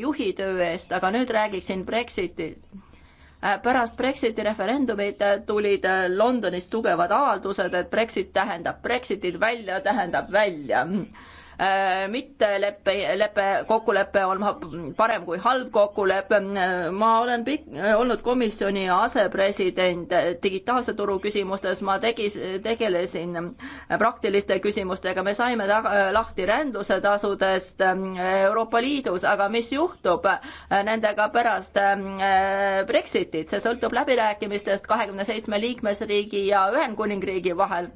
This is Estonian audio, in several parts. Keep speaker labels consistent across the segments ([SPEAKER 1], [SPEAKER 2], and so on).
[SPEAKER 1] juhi töö eest, aga nüüd räägiksin Brexitit. Äh, pärast Brexiti referendumit äh, tulid äh, Londonis tugevad avaldused, et Brexit tähendab Brexitit, välja tähendab välja Äh, mitte leppe, lepe, kokkulepe on parem kui halb kokkulepe. ma olen pikk, olnud komisjoni asepresident digitaalse turu küsimustes, ma tegi, tegelesin praktiliste küsimustega, me saime lahti rändluse tasudest äh, Euroopa Liidus, aga mis juhtub äh, nendega pärast Brexitit, see sõltub läbirääkimistest kahekümne seitsme liikmesriigi ja Ühendkuningriigi vahel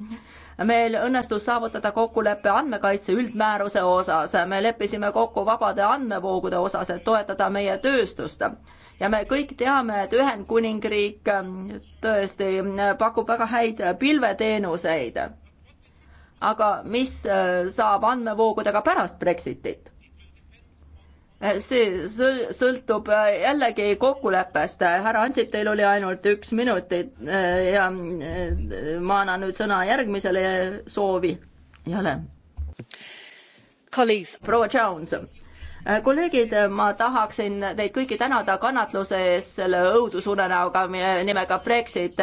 [SPEAKER 1] meil õnnestus saavutada kokkulepe andmekaitse üldmääruse osas, me leppisime kokku vabade andmevoogude osas, et toetada meie tööstust. ja me kõik teame, et Ühendkuningriik ähm, tõesti äh, pakub väga häid pilveteenuseid. aga mis äh, saab andmevoogudega pärast Brexitit? see sõltub äh, jällegi kokkuleppest. härra Ansip, teil oli ainult üks minut äh, ja äh, ma annan nüüd sõna järgmisele soovijale. proua Jones Äh, kolleegid, ma tahaksin teid kõiki tänada kannatluse eest selle õudusunenäoga nimega Brexit.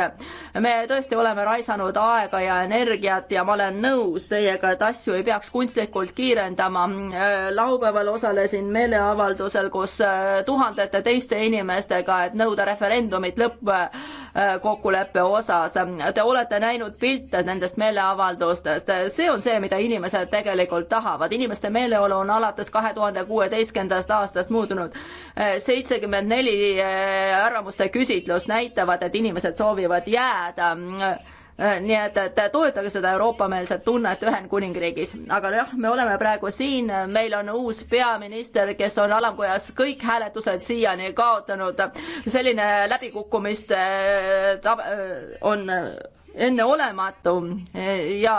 [SPEAKER 1] me tõesti oleme raisanud aega ja energiat ja ma olen nõus teiega, et asju ei peaks kunstlikult kiirendama. Äh, laupäeval osalesin meeleavaldusel koos äh, tuhandete teiste inimestega, et nõuda referendumit lõpp kokkuleppe osas. Te olete näinud pilte nendest meeleavaldustest, see on see, mida inimesed tegelikult tahavad, inimeste meeleolu on alates kahe tuhande kuueteistkümnendast aastast muutunud. seitsekümmend neli eh, arvamuste küsitlust näitavad, et inimesed soovivad jääda Äh, nii et, et toetage seda Euroopa-meelset tunnet Ühendkuningriigis, aga jah, me oleme praegu siin, meil on uus peaminister, kes on alamkojas kõik hääletused siiani kaotanud. selline läbikukkumiste äh, äh, on enneolematu ja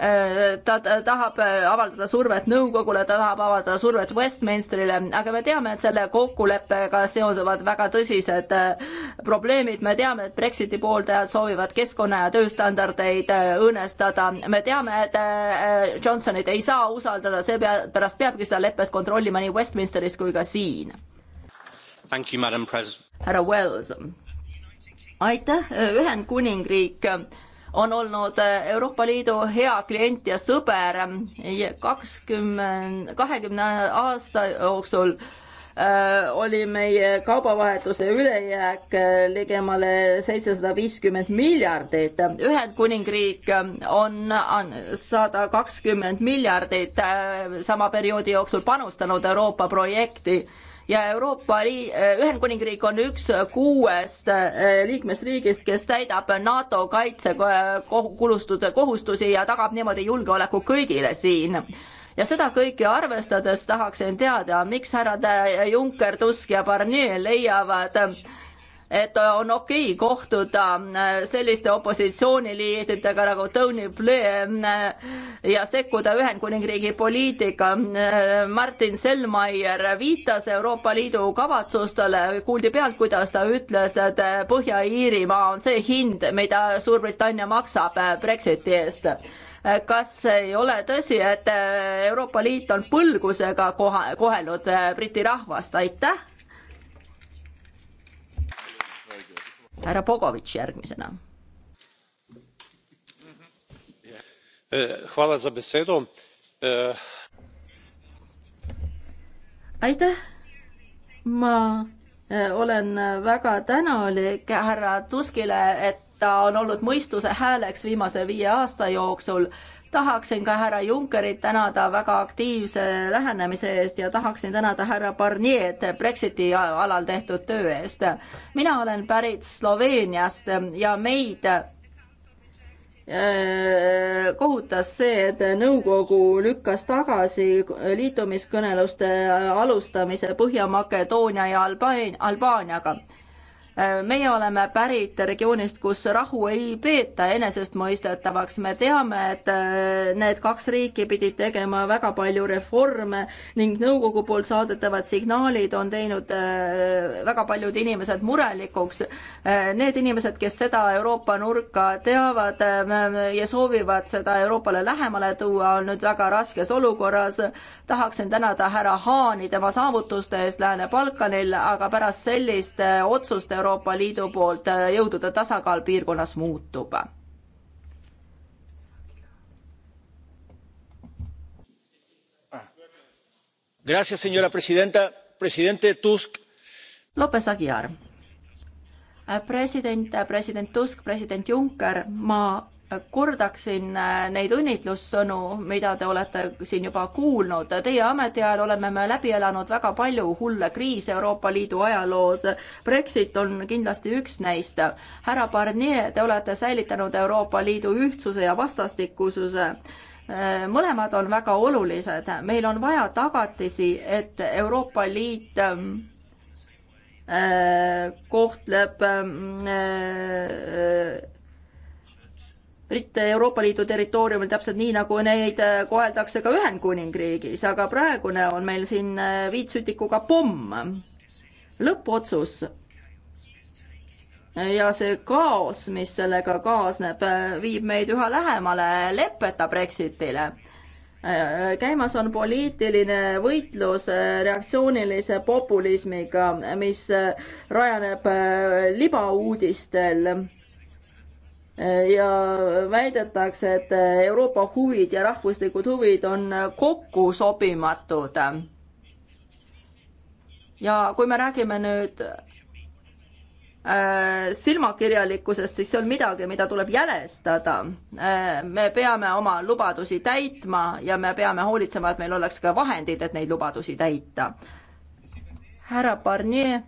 [SPEAKER 1] ta tahab avaldada survet nõukogule, ta tahab avaldada survet Westminsterile, aga me teame, et selle kokkuleppega seonduvad väga tõsised äh, probleemid, me teame, et Brexiti pooldajad soovivad keskkonna ja tööstandardeid äh, õõnestada, me teame, et äh, Johnsonit ei saa usaldada, seepärast peabki seda lepet kontrollima nii Westminsteris kui ka siin. härra Wells. aitäh, Ühendkuningriik on olnud äh, Euroopa Liidu hea klient ja sõber. kakskümmend, kahekümne aasta jooksul äh, oli meie kaubavahetuse ülejääk äh, ligemale seitsesada viiskümmend miljardit. Ühendkuningriik on sada kakskümmend miljardit sama perioodi jooksul panustanud Euroopa projekti ja Euroopa Liit, eh, Ühendkuningriik on üks kuuest eh, liikmesriigist, kes täidab NATO kaitsekulustuste eh, kohustusi ja tagab niimoodi julgeoleku kõigile siin ja seda kõike arvestades tahaksin teada, miks härrad Juncker, Tusk ja Barnier leiavad, et on okei okay kohtuda äh, selliste opositsiooniliidritega nagu Tony Blair äh, ja sekkuda Ühendkuningriigi poliitika. Äh, Martin Selmayr viitas Euroopa Liidu kavatsustele, kuuldi pealt, kuidas ta ütles, et Põhja-Iirimaa on see hind, mida Suurbritannia maksab Brexiti eest kas ei ole tõsi, et Euroopa Liit on põlgusega koha, kohelnud Briti rahvast, aitäh härra Bogovitš järgmisena. Eh,
[SPEAKER 2] eh,
[SPEAKER 1] aitäh, ma eh, olen väga tänulik härra Tuskile, et ta on olnud mõistuse hääleks viimase viie aasta jooksul tahaksin ka härra Junckerit tänada väga aktiivse lähenemise eest ja tahaksin tänada härra Barnier'd Brexiti alal tehtud töö eest. mina olen pärit Sloveeniast ja meid äh, kohutas see, et nõukogu lükkas tagasi liitumiskõneluste alustamise Põhja-Makedoonia ja Albaaniaga. Albaaniaga meie oleme pärit regioonist, kus rahu ei peeta enesestmõistetavaks, me teame, et äh, need kaks riiki pidid tegema väga palju reforme ning nõukogu poolt saadetavad signaalid on teinud äh, väga paljud inimesed murelikuks. Äh, need inimesed, kes seda Euroopa nurka teavad ja soovivad seda Euroopale lähemale tuua, on nüüd väga raskes olukorras. tahaksin tänada härra Haani tema saavutuste eest Lääne-Balkanil, aga pärast sellist otsust Euroopa Liidu poolt äh, jõudude tasakaal piirkonnas muutub.
[SPEAKER 3] Gracias, señora presidenta.
[SPEAKER 1] Presidente Tusk. Lopez Aguiar. Äh, president, äh, president Tusk, president Juncker, ma kordaksin äh, neid õnnitlussõnu, mida te olete siin juba kuulnud. Teie ametiajal oleme me läbi elanud väga palju hulle kriise Euroopa Liidu ajaloos. Brexit on kindlasti üks neist. härra Barnier, te olete säilitanud Euroopa Liidu ühtsuse ja vastastikususe äh, mõlemad on väga olulised, meil on vaja tagatisi, et Euroopa Liit ähm, äh, kohtleb ähm, britte Euroopa Liidu territooriumil täpselt nii, nagu neid äh, koheldakse ka Ühendkuningriigis, aga praegune on meil siin äh, viitsütikuga pomm. lõppotsus ja see kaos, mis sellega kaasneb, äh, viib meid üha lähemale leppeta Brexitile käimas on poliitiline võitlus reaktsioonilise populismiga, mis rajaneb libauudistel ja väidetakse, et Euroopa huvid ja rahvuslikud huvid on kokku sobimatud. ja kui me räägime nüüd äh, silmakirjalikkusest, siis see on midagi, mida tuleb jälestada. Äh, me peame oma lubadusi täitma ja me peame hoolitsema, et meil oleks ka vahendid, et neid lubadusi täita. härra Barnier, äh,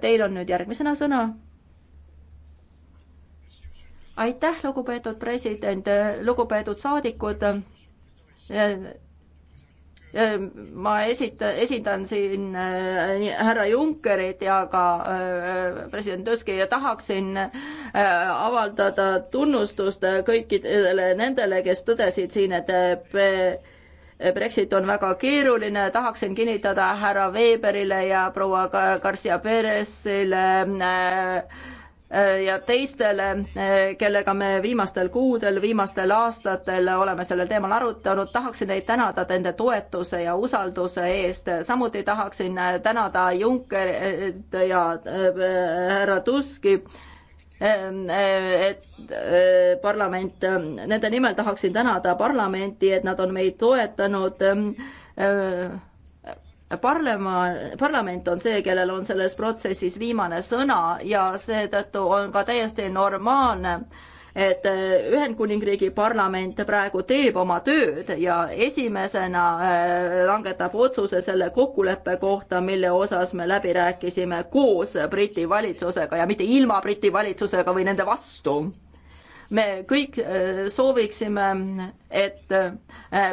[SPEAKER 1] teil on nüüd järgmisena sõna aitäh, lugupeetud president, lugupeetud saadikud. ma esita-, esindan siin äh, härra Junckerit ja ka äh, president Tuski ja tahaksin äh, avaldada tunnustust kõikidele nendele, kes tõdesid siin, et Brexit on väga keeruline, tahaksin kinnitada härra Weberile ja proua Garcia Perezile äh, Äh, ja teistele, äh, kellega me viimastel kuudel, viimastel aastatel oleme sellel teemal arutanud, tahaksin neid tänada nende toetuse ja usalduse eest. samuti tahaksin äh, tänada Junckerit ja härra Tuski, et parlament, nende nimel tahaksin tänada parlamenti, et nad on meid toetanud parlema-, parlament on see, kellel on selles protsessis viimane sõna ja seetõttu on ka täiesti normaalne, et Ühendkuningriigi parlament praegu teeb oma tööd ja esimesena äh, langetab otsuse selle kokkuleppe kohta, mille osas me läbi rääkisime koos Briti valitsusega ja mitte ilma Briti valitsusega või nende vastu me kõik äh, sooviksime, et äh,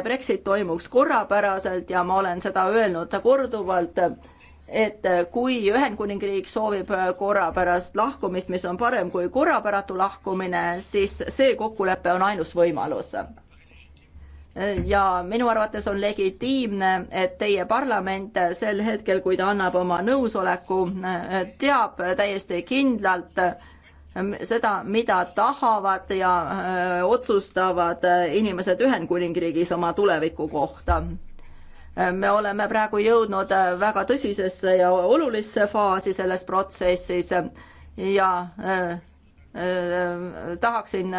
[SPEAKER 1] Brexit toimuks korrapäraselt ja ma olen seda öelnud korduvalt, et äh, kui Ühendkuningriik soovib korrapärast lahkumist, mis on parem kui korrapäratu lahkumine, siis see kokkulepe on ainus võimalus. ja minu arvates on legitiimne, et teie parlament sel hetkel, kui ta annab oma nõusoleku, teab täiesti kindlalt, Ähm, seda, mida tahavad ja äh, otsustavad äh, inimesed Ühendkuningriigis oma tuleviku kohta äh, me oleme praegu jõudnud väga tõsisesse ja olulisse faasi selles protsessis ja äh, äh, tahaksin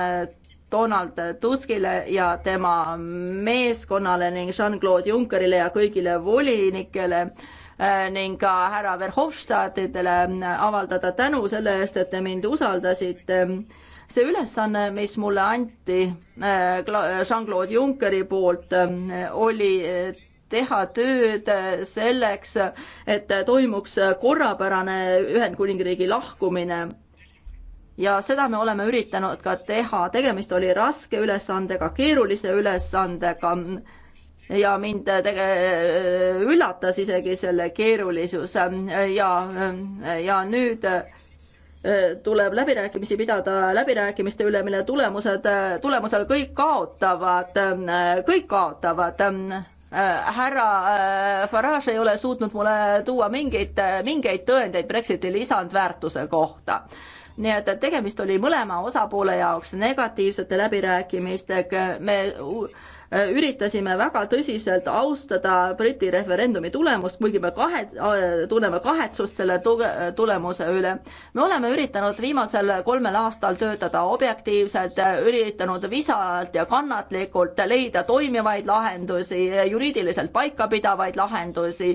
[SPEAKER 1] Donald Tuskile ja tema meeskonnale ning Jean-Claude Junckerile ja kõigile volinikele äh, Eh, ning ka härra Verhofstadtidele eh, avaldada tänu selle eest, et te mind usaldasite see ülesanne, mis mulle anti eh, Jean-Claude Junckeri poolt, oli teha tööd selleks, et toimuks korrapärane Ühendkuningriigi lahkumine. ja seda me oleme üritanud ka teha, tegemist oli raske ülesandega, keerulise ülesandega ja mind tege-, üllatas isegi selle keerulisus ja, ja nüüd e, tuleb läbirääkimisi pidada läbirääkimiste üle, mille tulemused, tulemusel kõik kaotavad, e, kõik kaotavad. E, härra Farage ei ole suutnud mulle tuua mingeid, mingeid tõendeid Brexiti lisandväärtuse kohta. nii et, et tegemist oli mõlema osapoole jaoks negatiivsete läbirääkimistega, me Äh, üritasime väga tõsiselt austada Briti referendumi tulemust, kuigi me kahe, äh, tunneme kahetsust selle tuge, tulemuse üle. me oleme üritanud viimasel kolmel aastal töötada objektiivselt, üritanud visalt ja kannatlikult leida toimivaid lahendusi, juriidiliselt paikapidavaid lahendusi,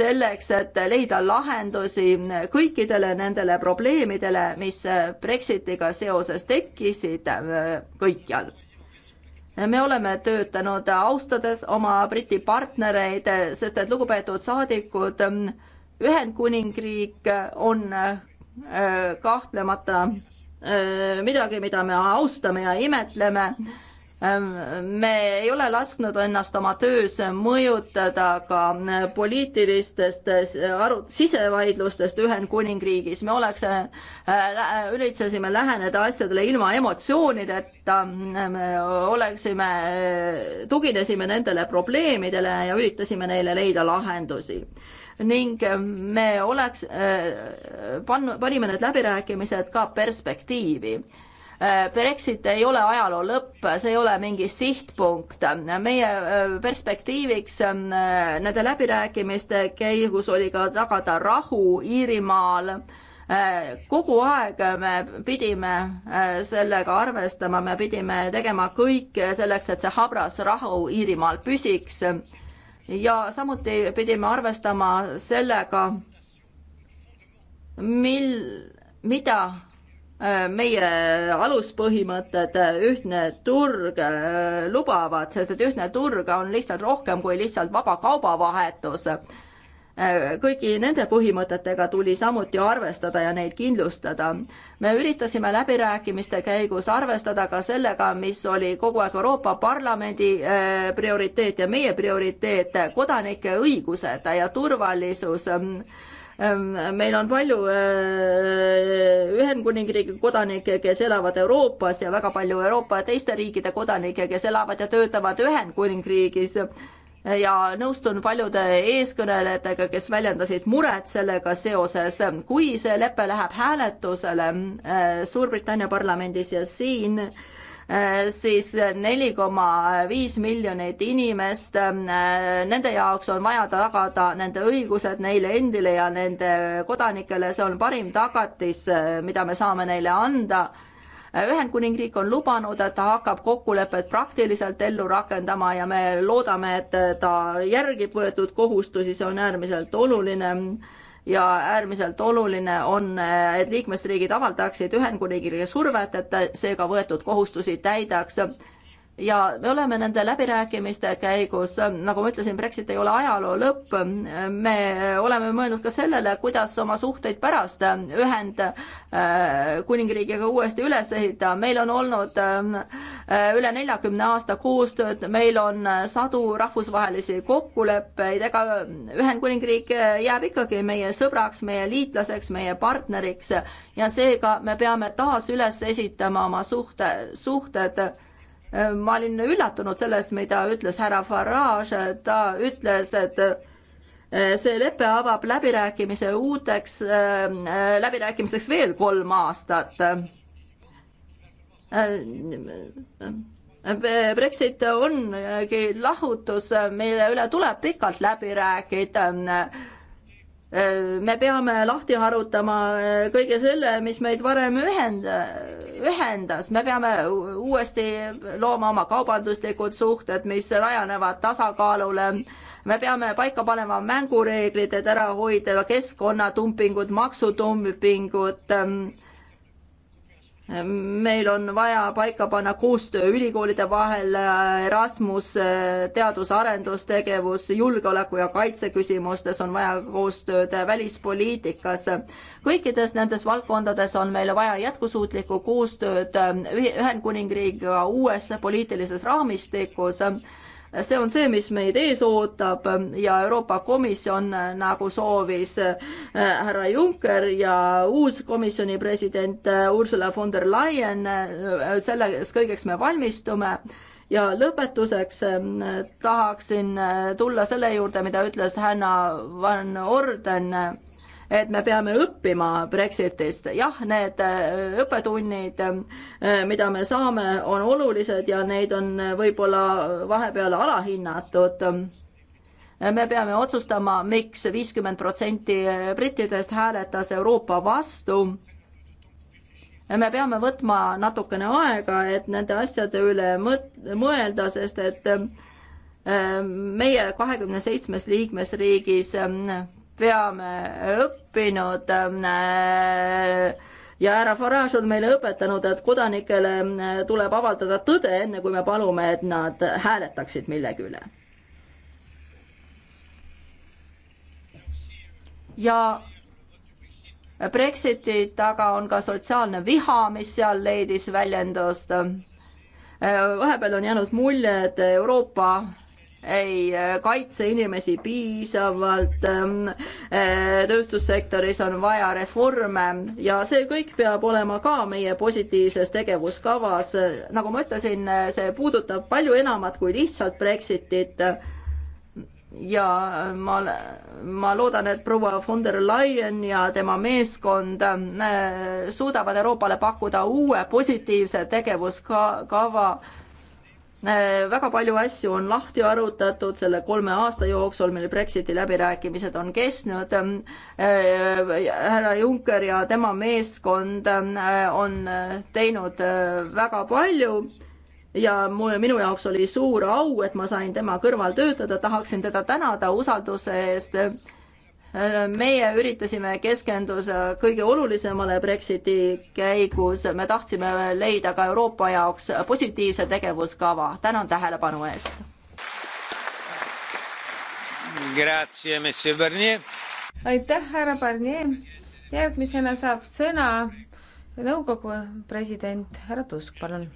[SPEAKER 1] selleks, et leida lahendusi kõikidele nendele probleemidele, mis Brexitiga seoses tekkisid äh, kõikjal me oleme töötanud austades oma Briti partnereid, sest et lugupeetud saadikud, Ühendkuningriik on äh, kahtlemata äh, midagi, mida me austame ja imetleme Ähm, me ei ole lasknud ennast oma töös mõjutada ka äh, poliitilistest äh, aru-, sisevaidlustest Ühendkuningriigis, me oleks, äh, üritsesime läheneda asjadele ilma emotsioonideta, me ähm, oleksime, tuginesime nendele probleemidele ja üritasime neile leida lahendusi ning me oleks, pannud, panime need läbirääkimised ka perspektiivi Äh, Brexit ei ole ajaloo lõpp, see ei ole mingi sihtpunkt. meie äh, perspektiiviks ähm, äh, nende läbirääkimiste käigus oli ka tagada rahu Iirimaal. kogu aeg me pidime sellega arvestama, me pidime tegema kõik selleks, et see habras rahu Iirimaal püsiks. ja samuti pidime arvestama sellega, mil, mida meie aluspõhimõtted, ühtne turg äh, lubavad, sest et ühtne turg on lihtsalt rohkem kui lihtsalt vaba kaubavahetus. Äh, kõigi nende põhimõtetega tuli samuti arvestada ja neid kindlustada. me üritasime läbirääkimiste käigus arvestada ka sellega, mis oli kogu aeg Euroopa Parlamendi äh, prioriteet ja meie prioriteet, kodanike õigused ja turvalisus Ehm, meil on palju äh, Ühendkuningriigi kodanikke, kes elavad Euroopas ja väga palju Euroopa teiste riikide kodanikke, kes elavad ja töötavad Ühendkuningriigis ja nõustun paljude eeskõnelejatega, kes väljendasid muret sellega seoses, kui see lepe läheb hääletusele äh, Suurbritannia parlamendis ja siin äh, Äh, siis neli koma viis miljonit inimest, äh, nende jaoks on vaja tagada nende õigused neile endile ja nende kodanikele, see on parim tagatis, äh, mida me saame neile anda Ühendkuningriik on lubanud, et ta hakkab kokkulepet praktiliselt ellu rakendama ja me loodame, et ta järgib võetud kohustusi, see on äärmiselt oluline ja äärmiselt oluline on, et liikmesriigid avaldaksid Ühendkuningriigile survet, et ta seega võetud kohustusi täidaks ja me oleme nende läbirääkimiste käigus, nagu ma ütlesin, Brexit ei ole ajaloo lõpp, me oleme mõelnud ka sellele, kuidas oma suhteid pärast Ühendkuningriigiga äh, uuesti üles ehitada, meil on olnud äh, üle neljakümne aasta koostööd, meil on sadu rahvusvahelisi kokkuleppeid, ega Ühendkuningriik jääb ikkagi meie sõbraks, meie liitlaseks, meie partneriks ja seega me peame taas üles esitama oma suhte, suhted Äh, ma olin üllatunud sellest, mida ütles härra Farage, ta ütles, et äh, see lepe avab läbirääkimise uuteks, äh, läbirääkimiseks veel kolm aastat. Brexit ongi lahutus, mille üle tuleb pikalt läbi rääkida Äh, me peame lahti harutama äh, kõige selle, mis meid varem ühend-, ühendas, me peame uuesti looma oma kaubanduslikud suhted, mis rajanevad tasakaalule. me peame paika panema mängureeglid, et ära hoida keskkonnatumpingut, maksutumpingut ähm, meil on vaja paika panna koostöö ülikoolide vahel, Erasmus, teadus-arendustegevus, julgeoleku ja kaitse küsimustes on vaja koostööd välispoliitikas. kõikides nendes valdkondades on meil vaja jätkusuutlikku koostööd Ühendkuningriigiga uues poliitilises raamistikus see on see, mis meid ees ootab ja Euroopa Komisjon, äh, nagu soovis äh, härra Juncker ja uus komisjoni president äh, Ursula von der Leyen, selleks kõigeks me valmistume ja lõpetuseks tahaksin tulla selle juurde, mida ütles Hanna van Orden et me peame õppima Brexitist. jah, need äh, õppetunnid, äh, mida me saame, on olulised ja neid on äh, võib-olla vahepeal alahinnatud me peame otsustama miks, miks viiskümmend protsenti brittidest hääletas Euroopa vastu me peame võtma natukene aega, et nende asjade üle mõt-, mõelda, sest et meie kahekümne seitsmes liikmesriigis peame õppima õppinud äh, ja härra Farage on meile õpetanud, et kodanikele äh, tuleb avaldada tõde, enne kui me palume, et nad hääletaksid millegi üle. ja Brexiti taga on ka sotsiaalne viha, mis seal leidis väljendust äh, vahepeal on jäänud mulje, et Euroopa ei äh, kaitse inimesi piisavalt, ähm, äh, tööstussektoris on vaja reforme ja see kõik peab olema ka meie positiivses tegevuskavas. nagu ma ütlesin, see puudutab palju enamat kui lihtsalt Brexitit ja äh, ma, ma loodan, et proua von der Leyen ja tema meeskond suudavad Euroopale pakkuda uue positiivse tegevuskava ka, Äh, väga palju asju on lahti arutatud selle kolme aasta jooksul, mil Brexiti läbirääkimised on kestnud. Äh, äh, härra Juncker ja tema meeskond on teinud väga palju ja mul, minu jaoks oli suur au, et ma sain tema kõrval töötada, tahaksin teda tänada usalduse eest meie üritasime keskenduda kõige olulisemale Brexiti käigus, me tahtsime leida ka Euroopa jaoks positiivse tegevuskava. tänan tähelepanu eest.
[SPEAKER 3] aitäh, härra Barnier. järgmisena saab sõna nõukogu president härra Tusk, palun.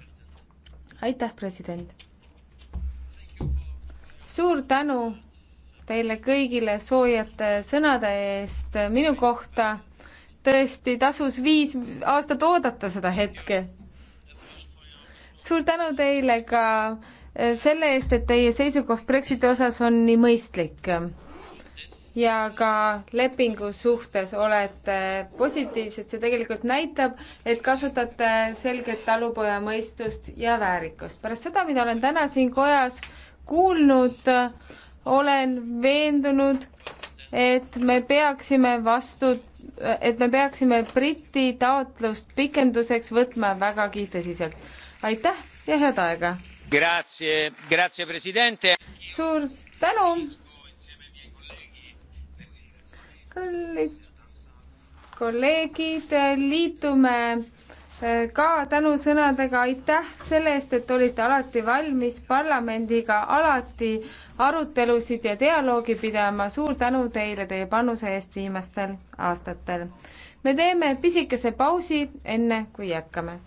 [SPEAKER 3] aitäh, president. suur tänu teile kõigile soojate sõnade eest minu kohta. tõesti tasus viis aastat oodata seda hetke. suur tänu teile ka eh, selle eest, et teie seisukoht Brexiti osas on nii mõistlik ja ka lepingu suhtes olete positiivsed, see tegelikult näitab, et kasutate selget talupojamõistust ja väärikust. pärast seda, mida olen täna siin kojas kuulnud äh,, olen veendunud, et me peaksime vastu, et me peaksime Briti taotlust pikenduseks võtma vägagi tõsiselt. aitäh ja head aega! suur tänu! kallid kolleegid, liitume ka tänusõnadega aitäh selle eest, et olite alati valmis parlamendiga alati arutelusid ja dialoogi pidama. suur tänu teile teie panuse eest viimastel aastatel. me teeme pisikese pausi, enne kui jätkame.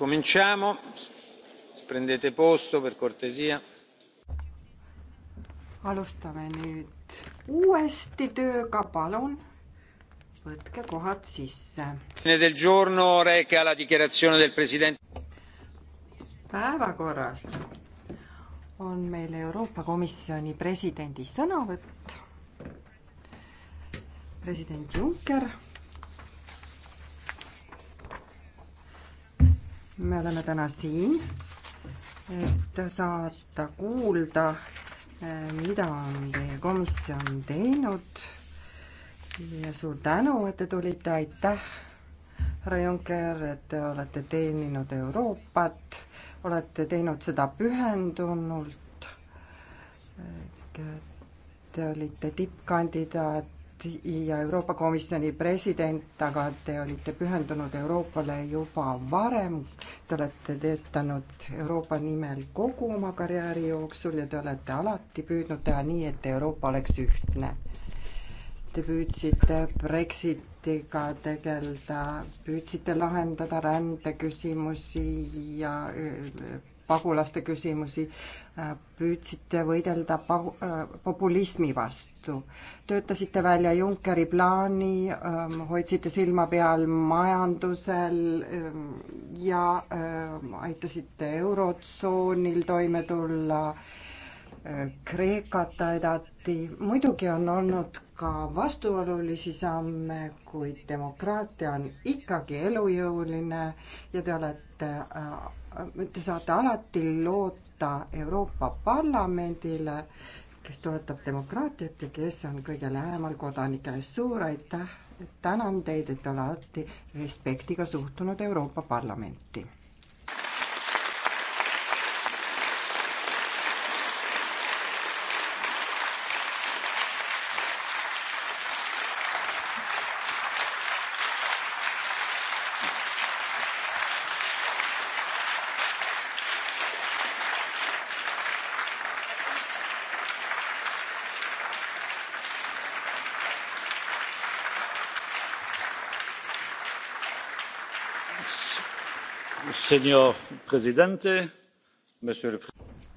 [SPEAKER 4] cominciamo prendete posto per cortesia
[SPEAKER 5] alustame nüüd uuesti tööga palun võtke kohad sisse
[SPEAKER 4] del giorno reca la dichiarazione del presidente
[SPEAKER 5] päevakorras on meil Euroopa Komisjoni presidendi sõnavõtt president Juncker me oleme täna siin, et saata kuulda, mida on teie komisjon teinud. ja suur tänu, et te tulite, aitäh, härra Juncker, et te olete teeninud Euroopat, olete teinud seda pühendunult. Te olite tippkandidaat ja Euroopa Komisjoni president, aga te olite pühendunud Euroopale juba varem. Te olete töötanud Euroopa nimel kogu oma karjääri jooksul ja te olete alati püüdnud teha nii, et Euroopa oleks ühtne. Te püüdsite Brexitiga tegeleda, püüdsite lahendada rändeküsimusi ja pagulaste küsimusi, äh, püüdsite võidelda pagu-, äh, populismi vastu, töötasite välja Junckeri plaani, ähm, hoidsite silma peal majandusel ähm, ja ähm, aitasite Eurotsoonil toime tulla äh, Kreekat aidati, muidugi on olnud ka vastuolulisi samme, kuid demokraatia on ikkagi elujõuline ja te olete te saate alati loota Euroopa Parlamendile, kes toetab demokraatiat ja kes on kõige lähemal kodanikele. suur aitäh, tänan teid, et olete alati respektiga suhtunud Euroopa Parlamenti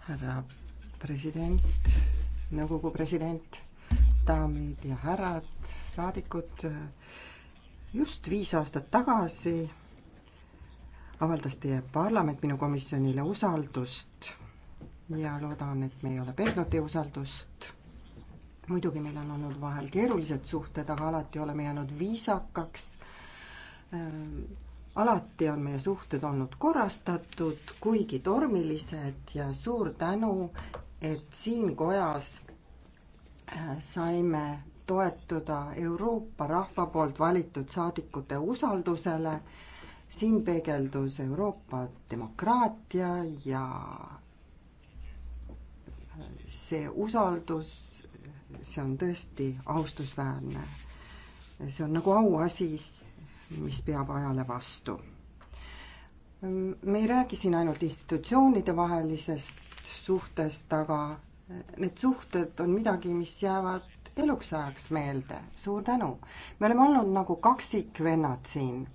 [SPEAKER 5] härra president, nõukogu president, daamid ja härrad, saadikud. just viis aastat tagasi avaldas teie parlament minu komisjonile usaldust ja loodan, et me ei ole petnud teie usaldust. muidugi meil on olnud vahel keerulised suhted, aga alati oleme jäänud viisakaks alati on meie suhted olnud korrastatud, kuigi tormilised ja suur tänu, et siin kojas äh, saime toetuda Euroopa rahva poolt valitud saadikute usaldusele. siin peegeldus Euroopa demokraatia ja äh, see usaldus, see on tõesti austusväärne. see on nagu auasi mis peab ajale vastu. me ei räägi siin ainult institutsioonide vahelisest suhtest, aga need suhted on midagi, mis jäävad eluks ajaks meelde. suur tänu. me oleme olnud nagu kaksikvennad siin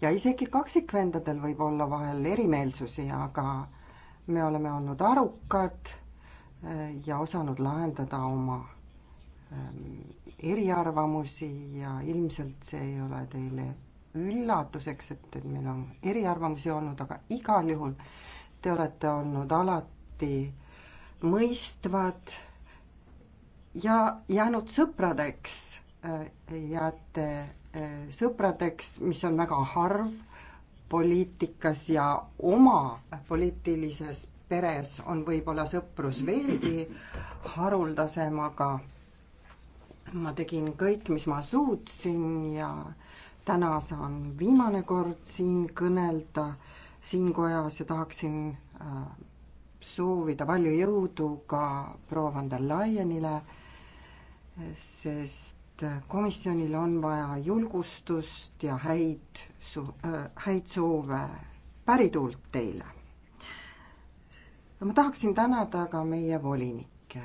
[SPEAKER 5] ja isegi kaksikvendadel võib olla vahel erimeelsusi, aga me oleme olnud arukad eh, ja osanud lahendada oma ehm, eriarvamusi ja ilmselt see ei ole teile üllatuseks, et, et meil on eriarvamusi olnud, aga igal juhul te olete olnud alati mõistvad ja jäänud sõpradeks, äh, jääte äh, sõpradeks, mis on väga harv poliitikas ja oma poliitilises peres on võib-olla sõprus veelgi haruldasem, aga ma tegin kõik, mis ma suutsin ja täna saan viimane kord siin kõnelda siin kojas ja tahaksin äh, soovida palju jõudu ka proua von der Leyenile, sest komisjonil on vaja julgustust ja häid su-, äh, häid soove. pärituult teile! ma tahaksin tänada ka meie volinikke,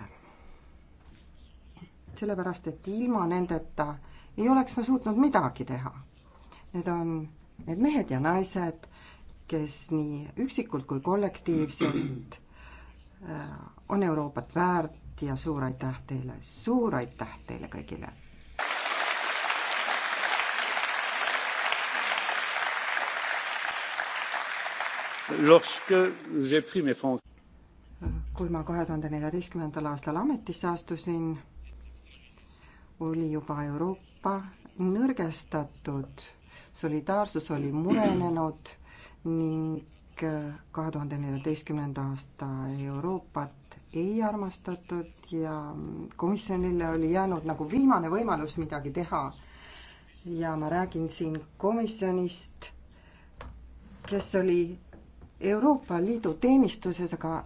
[SPEAKER 5] sellepärast et ilma nendeta ei oleks ma suutnud midagi teha Need on need mehed ja naised, kes nii üksikult kui kollektiivselt äh, on Euroopat väärt ja suur aitäh teile, suur aitäh teile kõigile. kui ma kahe tuhande neljateistkümnendal aastal ametisse astusin, oli juba Euroopa nõrgestatud solidaarsus oli murenenud ning äh, kahe tuhande neljateistkümnenda aasta Euroopat ei armastatud ja komisjonile oli jäänud nagu viimane võimalus midagi teha. ja ma räägin siin komisjonist, kes oli Euroopa Liidu teenistuses, aga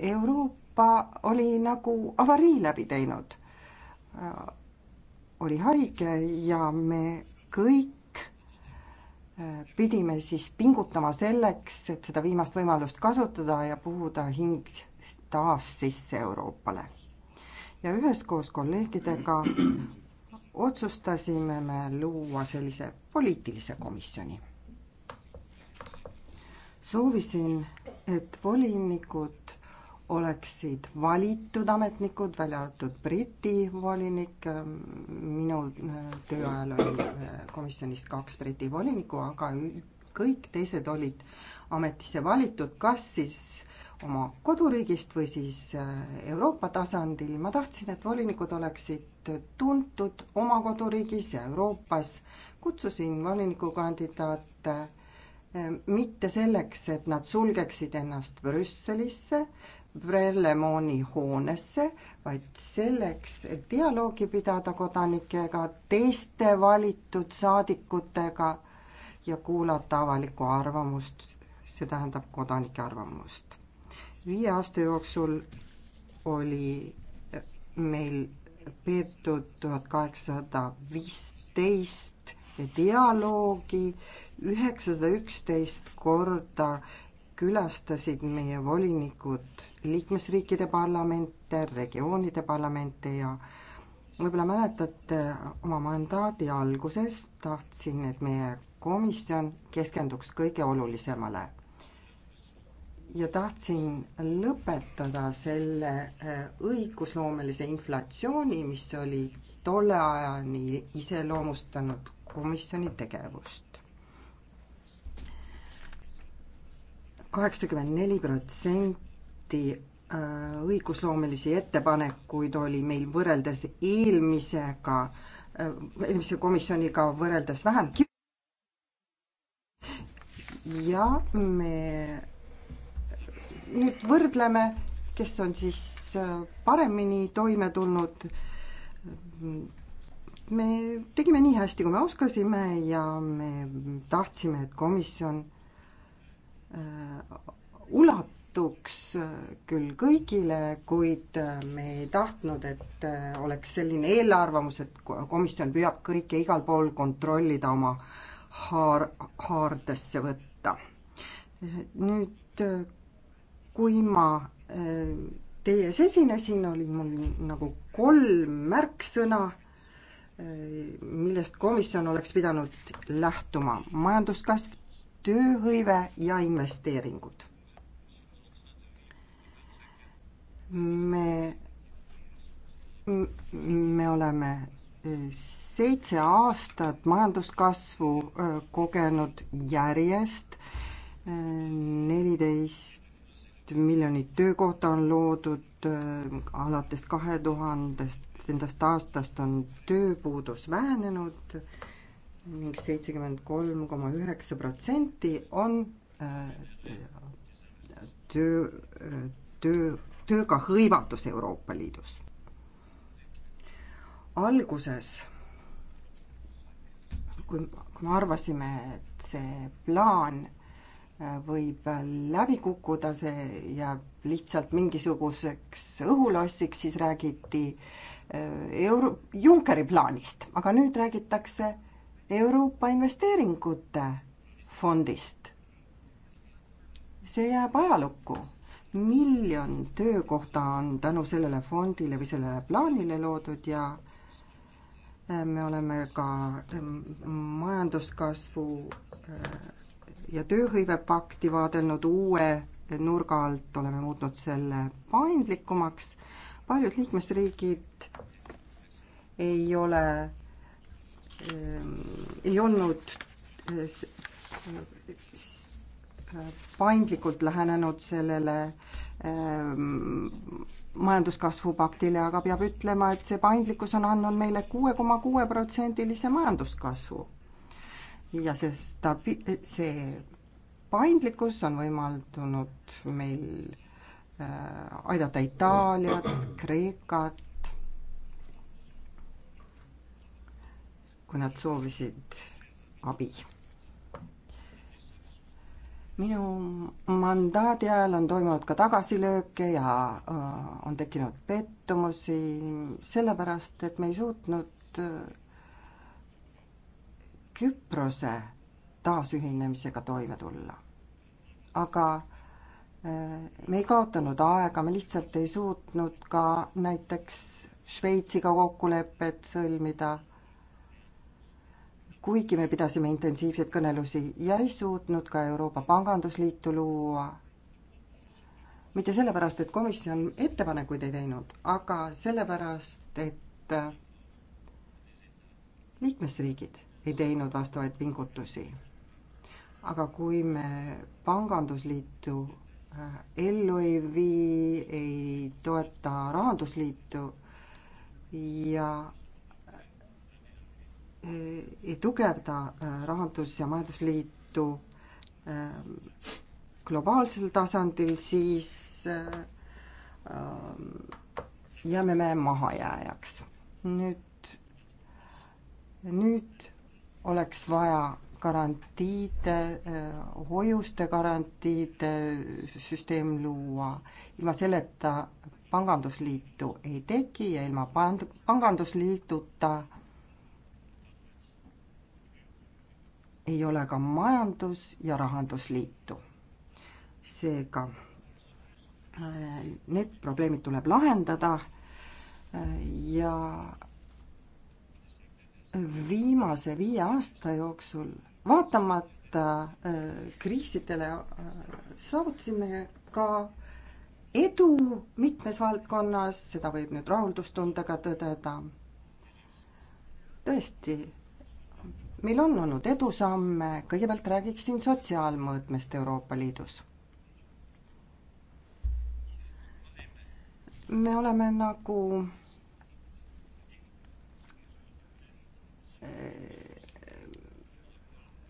[SPEAKER 5] Euroopa oli nagu avarii läbi teinud. Äh, oli haige ja me kõik pidime siis pingutama selleks, et seda viimast võimalust kasutada ja puhuda hing taas sisse Euroopale. ja üheskoos kolleegidega otsustasime me luua sellise poliitilise komisjoni. soovisin, et volinikud oleksid valitud ametnikud, välja arvatud Briti volinik, minu äh, töö ajal oli äh, komisjonis kaks Briti volinikku, aga kõik teised olid ametisse valitud, kas siis oma koduriigist või siis äh, Euroopa tasandil, ma tahtsin, et volinikud oleksid tuntud oma koduriigis ja Euroopas, kutsusin volinikukandidaate mitte selleks, et nad sulgeksid ennast Brüsselisse, Verlemooni hoonesse, vaid selleks, et dialoogi pidada kodanikega, teiste valitud saadikutega ja kuulata avalikku arvamust, see tähendab kodanike arvamust. viie aasta jooksul oli meil peetud tuhat kaheksasada viisteist dialoogi, üheksasada üksteist korda külastasid meie volinikud liikmesriikide parlamente, regioonide parlamente ja võib-olla mäletate oma mandaadi alguses tahtsin, et meie komisjon keskenduks kõige olulisemale. ja tahtsin lõpetada selle äh, õigusloomelise inflatsiooni, mis oli tolle ajani iseloomustanud komisjoni tegevust kaheksakümmend neli protsenti äh, õigusloomelisi ettepanekuid oli meil võrreldes eelmisega, äh, eelmise komisjoniga võrreldes vähem. ja me nüüd võrdleme, kes on siis äh, paremini toime tulnud. me tegime nii hästi, kui me oskasime ja me tahtsime, et komisjon Äh, ulatuks äh, küll kõigile, kuid äh, me ei tahtnud, et oleks selline eelarvamus, et komisjon püüab kõike igal pool kontrollida, oma haar, haardesse võtta. nüüd, kui ma teie ees esinesin, oli mul nagu kolm märksõna, millest komisjon oleks pidanud lähtuma. majanduskasv tööhõive ja investeeringud. me, me oleme e, seitse aastat majanduskasvu e, kogenud järjest, e, neliteist miljonit töökohta on loodud, alates kahe tuhandest endast aastast on tööpuudus vähenenud ning seitsekümmend kolm koma üheksa protsenti on äh, töö, äh, töö, tööga hõivatus Euroopa Liidus. alguses, kui, kui me arvasime, et see plaan äh, võib läbi kukkuda, see jääb lihtsalt mingisuguseks õhulassiks, siis räägiti euro-, Junckeri plaanist, aga nüüd räägitakse äh, Euroopa Investeeringute Fondist. see jääb ajalukku. miljon töökohta on tänu sellele fondile või sellele plaanile loodud ja äh, me oleme ka ähm, majanduskasvu äh, ja tööhõivepakti vaadelnud uue nurga alt, oleme muutnud selle paindlikumaks. paljud liikmesriigid ei ole Ehm, ei olnud eh, eh, paindlikult lähenenud sellele ehm, majanduskasvu paktile, aga peab ütlema, et see paindlikkus on andnud meile kuue koma kuue protsendilise majanduskasvu. ja see stabi-, see paindlikkus on võimaldanud meil eh, aidata Itaaliat, Kreekat, kui nad soovisid abi. minu mandaadi ajal on toimunud ka tagasilööke ja äh, on tekkinud pettumusi, sellepärast et me ei suutnud äh, Küprose taasühinemisega toime tulla. aga äh, me ei kaotanud aega, me lihtsalt ei suutnud ka näiteks Šveitsiga kokkulepet sõlmida kuigi me pidasime intensiivseid kõnelusi ja ei suutnud ka Euroopa Pangandusliitu luua. mitte sellepärast, et komisjon ettepanekuid ei teinud, aga sellepärast, et liikmesriigid ei teinud vastavaid pingutusi. aga kui me Pangandusliitu äh, ellu ei vii, ei toeta Rahandusliitu ja ei tugevda äh, rahandus- ja majandusliitu äh, globaalsel tasandil, siis äh, jääme me mahajääjaks. nüüd, nüüd oleks vaja garantiide, hoiuste garantiide süsteem luua. ilma selleta pangandusliitu ei teki ja ilma pand-, pangandusliiduta ei ole ka majandus- ja rahandusliitu. seega äh, need probleemid tuleb lahendada äh, ja viimase viie aasta jooksul vaatamata äh, kriisidele saavutasime ka edu mitmes valdkonnas, seda võib nüüd rahuldustundega tõdeda. tõesti meil on olnud edusamme, kõigepealt räägiksin sotsiaalmõõtmest Euroopa Liidus. me oleme nagu eh,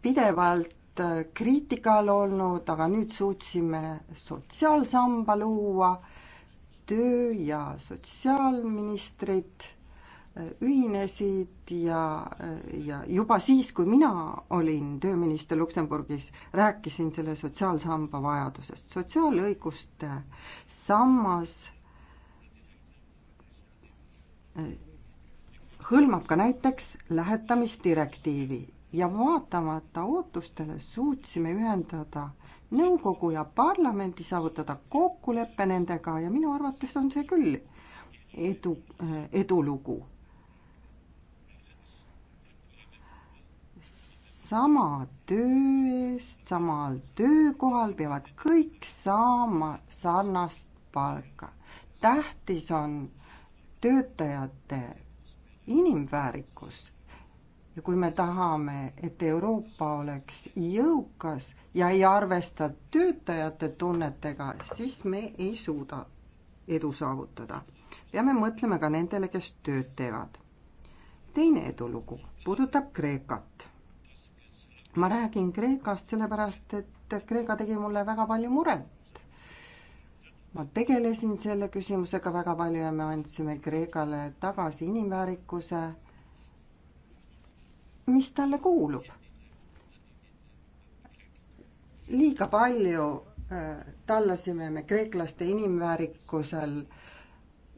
[SPEAKER 5] pidevalt eh, kriitikal olnud, aga nüüd suutsime sotsiaalsamba luua, töö- ja sotsiaalministrid ühinesid ja, ja juba siis, kui mina olin tööminister Luksemburgis, rääkisin selle sotsiaalsamba vajadusest. sotsiaalõiguste sammas eh, hõlmab ka näiteks lähetamisdirektiivi ja vaatamata ootustele suutsime ühendada nõukogu ja parlamendi, saavutada kokkuleppe nendega ja minu arvates on see küll edu, eh, edulugu sama töö eest, samal töökohal peavad kõik saama sarnast palka. tähtis on töötajate inimväärikus ja kui me tahame, et Euroopa oleks jõukas ja ei arvesta töötajate tunnetega, siis me ei suuda edu saavutada. peame mõtlema ka nendele, kes tööd teevad. teine edulugu puudutab Kreekat ma räägin Kreekast sellepärast, et Kreeka tegi mulle väga palju muret. ma tegelesin selle küsimusega väga palju ja me andsime Kreekale tagasi inimväärikuse, mis talle kuulub. liiga palju äh, tallasime me kreeklaste inimväärikusel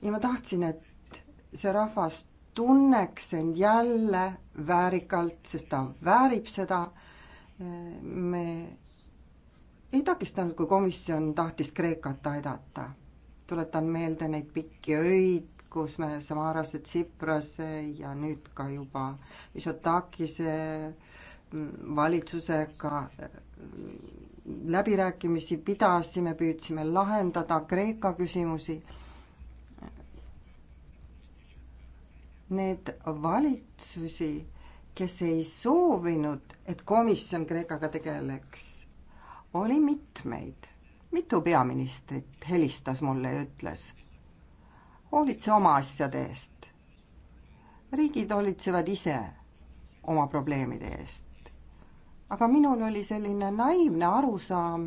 [SPEAKER 5] ja ma tahtsin, et see rahvas tunneks end jälle väärikalt, sest ta väärib seda me ei takistanud, kui komisjon tahtis Kreekat aidata. tuletan meelde neid pikki öid, kus me Samaras ja Tsipras ja nüüd ka juba Misotakise mm, valitsusega mm, läbirääkimisi pidasime, püüdsime lahendada Kreeka küsimusi. Need valitsusi kes ei soovinud, et komisjon Kreekaga tegeleks, oli mitmeid. mitu peaministrit helistas mulle ja ütles, hoolitse oma asjade eest. riigid hoolitsevad ise oma probleemide eest. aga minul oli selline naiivne arusaam,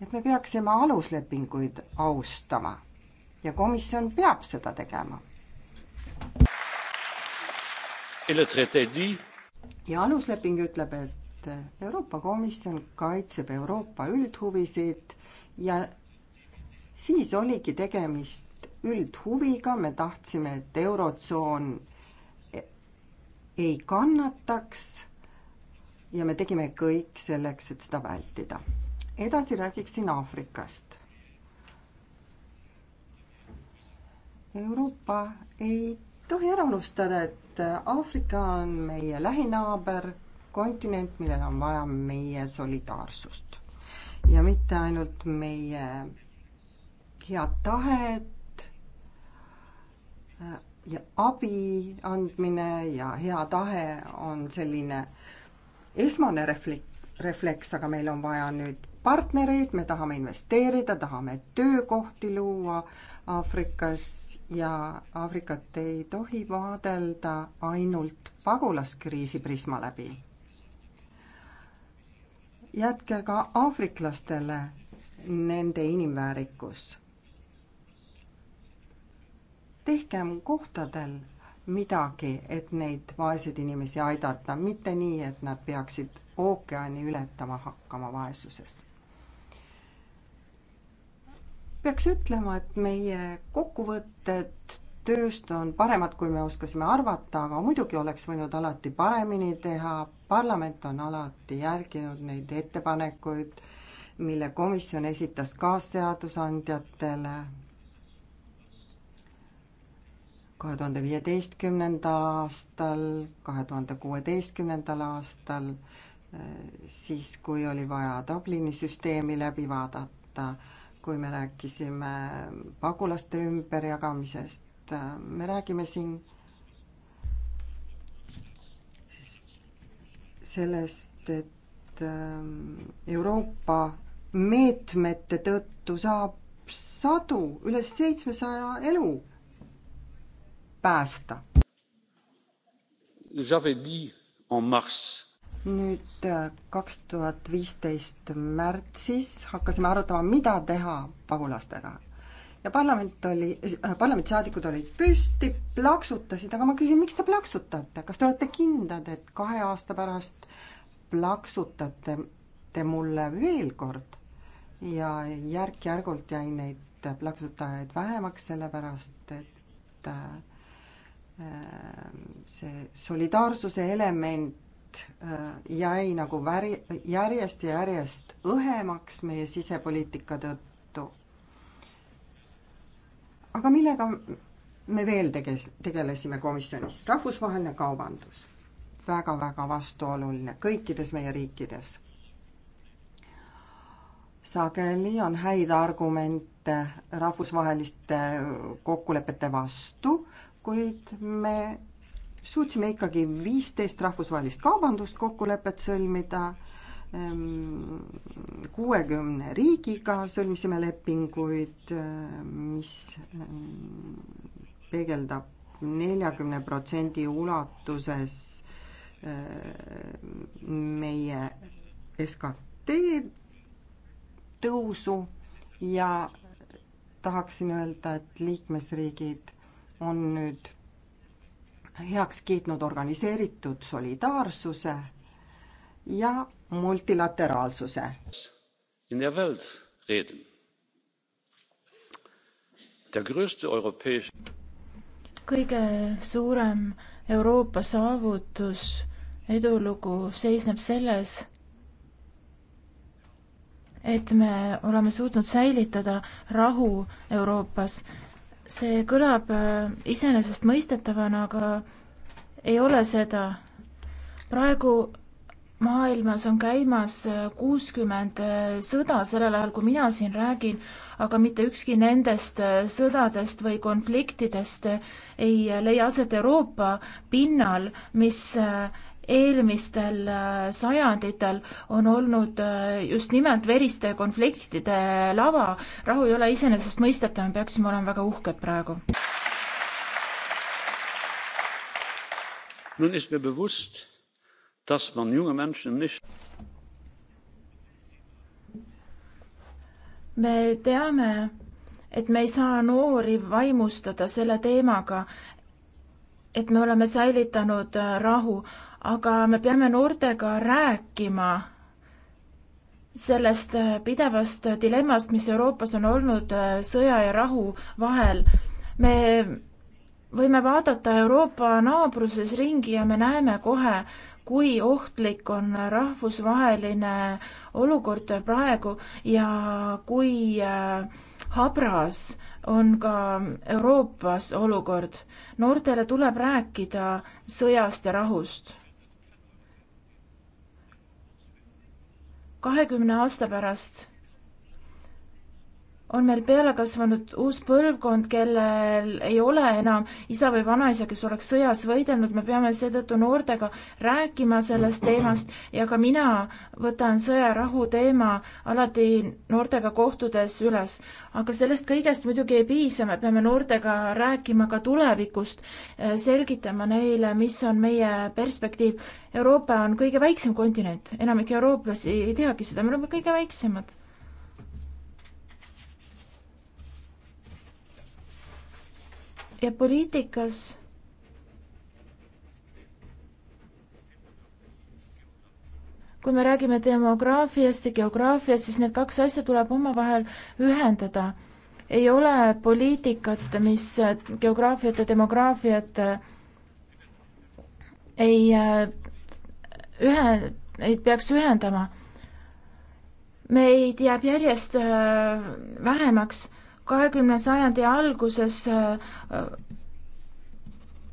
[SPEAKER 5] et me peaksime aluslepinguid austama ja komisjon peab seda tegema ja alusleping ütleb, et Euroopa Komisjon kaitseb Euroopa üldhuvisid ja siis oligi tegemist üldhuviga, me tahtsime, et Eurotsoon ei kannataks ja me tegime kõik selleks, et seda vältida. edasi räägiksin Aafrikast. Euroopa ei tohi ära unustada, et et äh, Aafrika on meie lähinaaber, kontinent, millel on vaja meie solidaarsust. ja mitte ainult meie head tahet äh, ja abi andmine ja hea tahe on selline esmane refleks, refleks, aga meil on vaja nüüd partnereid, me tahame investeerida, tahame töökohti luua Aafrikas ja Aafrikat ei tohi vaadelda ainult pagulaskriisi prisma läbi. jätke ka aafriklastele nende inimväärikus. tehkem kohtadel midagi, et neid vaeseid inimesi aidata, mitte nii, et nad peaksid ookeani ületama hakkama vaesuses peaks ütlema, et meie kokkuvõtted tööst on paremad, kui me oskasime arvata, aga muidugi oleks võinud alati paremini teha, parlament on alati järginud neid ettepanekuid, mille komisjon esitas kaasseadusandjatele kahe tuhande viieteistkümnendal aastal, kahe tuhande kuueteistkümnendal aastal, eh, siis kui oli vaja Dublini süsteemi läbi vaadata kui me rääkisime pagulaste ümberjagamisest, me räägime siin sellest, et ähm, Euroopa meetmete tõttu saab sadu, üle seitsmesaja elu päästa.
[SPEAKER 4] J'avais dit en mars
[SPEAKER 5] nüüd äh, kaks tuhat viisteist märtsis hakkasime arutama, mida teha pagulastega. ja parlament oli, äh, parlamendisaadikud olid püsti, plaksutasid, aga ma küsin, miks te plaksutate, kas te olete kindlad, et kahe aasta pärast plaksutate te mulle veel kord? ja järk-järgult jäi neid plaksutajaid vähemaks, sellepärast et äh, see solidaarsuse element liit äh, jäi nagu väri, järjest ja järjest õhemaks meie sisepoliitika tõttu. aga millega me veel teges-, tegelesime komisjonis? rahvusvaheline kaubandus väga,. väga-väga vastuoluline kõikides meie riikides. sageli on häid argumente rahvusvaheliste kokkulepete vastu, kuid me suutsime ikkagi viisteist rahvusvahelist kaubandust kokkulepet sõlmida, ehm, kuuekümne riigiga sõlmisime lepinguid, ehm, mis ehm, peegeldab neljakümne protsendi ulatuses meie SKT tõusu ja tahaksin öelda, et liikmesriigid on nüüd heaks kiitnud organiseeritud solidaarsuse ja multilateraalsuse.
[SPEAKER 6] kõige suurem Euroopa saavutus, edulugu seisneb selles, et me oleme suutnud säilitada rahu Euroopas see kõlab äh, iseenesestmõistetavana, aga ei ole seda. praegu maailmas on käimas äh, kuuskümmend äh, sõda sellel ajal, kui mina siin räägin, aga mitte ükski nendest sõdadest või konfliktidest ei leia aset Euroopa pinnal, mis eelmistel äh, sajanditel on olnud äh, just nimelt veriste konfliktide lava. rahu ei ole iseenesestmõistetav, me peaksime olema väga uhked praegu.
[SPEAKER 4] Nun ist mir bewusst, dass man junge Menschen nicht
[SPEAKER 6] me teame, et me ei saa noori vaimustada selle teemaga, et me oleme säilitanud äh, rahu, aga me peame noortega rääkima sellest äh, pidevast dilemmast, mis Euroopas on olnud äh, sõja ja rahu vahel. me võime vaadata Euroopa naabruses ringi ja me näeme kohe, kui ohtlik on rahvusvaheline olukord praegu ja kui äh, habras on ka Euroopas olukord. noortele tuleb rääkida sõjast ja rahust kahekümne aasta pärast on meil peale kasvanud uus põlvkond, kellel ei ole enam isa või vanaisa, kes oleks sõjas võidelnud, me peame seetõttu noortega rääkima sellest teemast ja ka mina võtan sõja ja rahu teema alati noortega kohtudes üles. aga sellest kõigest muidugi ei piisa, me peame noortega rääkima ka tulevikust, eh, selgitama neile, mis on meie perspektiiv. Euroopa on kõige väiksem kontinent, enamik eurooplasi ei teagi seda, me oleme kõige väiksemad ja poliitikas kui me räägime demograafiast ja geograafiast, siis need kaks asja tuleb omavahel ühendada. ei ole poliitikat, mis geograafiat ja demograafiat äh, ei äh, ühe, ei peaks ühendama. meid jääb järjest äh, vähemaks kahekümne sajandi alguses äh, äh,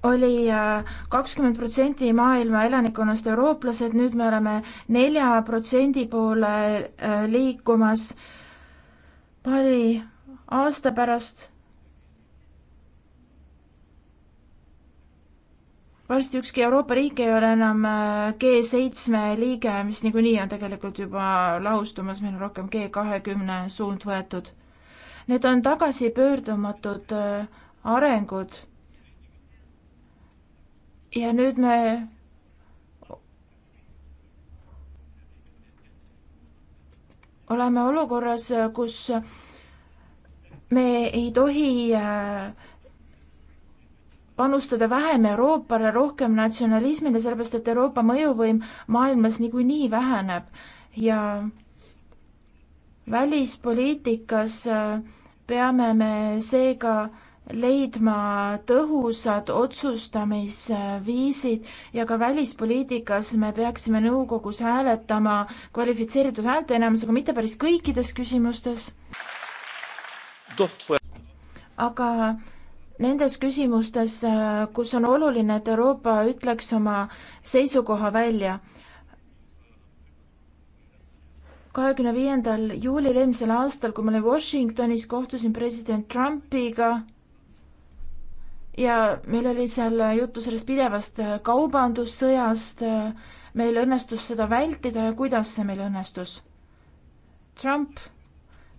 [SPEAKER 6] oli äh, kakskümmend protsenti maailma elanikkonnast eurooplased, nüüd me oleme nelja protsendi poole liikumas. paari aasta pärast varsti ükski Euroopa riik ei ole enam G7 liige, mis niikuinii on tegelikult juba laustumas, meil on rohkem G20 suund võetud Need on tagasipöördumatud äh, arengud. ja nüüd me oleme olukorras, kus me ei tohi äh, panustada vähem Euroopale, rohkem natsionalismile, sellepärast et Euroopa mõjuvõim maailmas niikuinii väheneb ja välispoliitikas äh, peame me seega leidma tõhusad otsustamisviisid ja ka välispoliitikas me peaksime nõukogus hääletama kvalifitseeritud häälteenamusega, mitte päris kõikides küsimustes. aga nendes küsimustes, kus on oluline, et Euroopa ütleks oma seisukoha välja kahekümne viiendal juulil eelmisel aastal, kui ma olin Washingtonis, kohtusin president Trumpiga ja meil oli seal juttu sellest pidevast kaubandussõjast, meil õnnestus seda vältida ja kuidas see meil õnnestus? Trump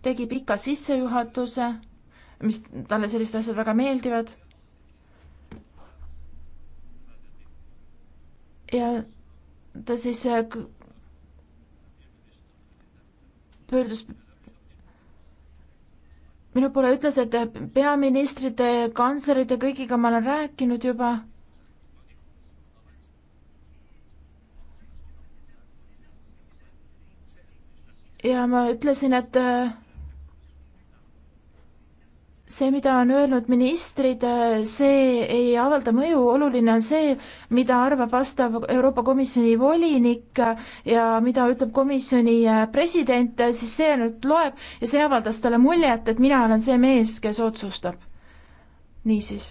[SPEAKER 6] tegi pika sissejuhatuse, mis talle sellised asjad väga meeldivad. ja ta siis pöördus minu poole, ütles, et peaministrite, kantslerite, kõigiga ma olen rääkinud juba. ja ma ütlesin, et äh, see, mida on öelnud ministrid, see ei avalda mõju, oluline on see, mida arvab vastav Euroopa Komisjoni volinik ja mida ütleb komisjoni president, siis see nüüd loeb ja see avaldas talle muljet, et mina olen see mees, kes otsustab. niisiis.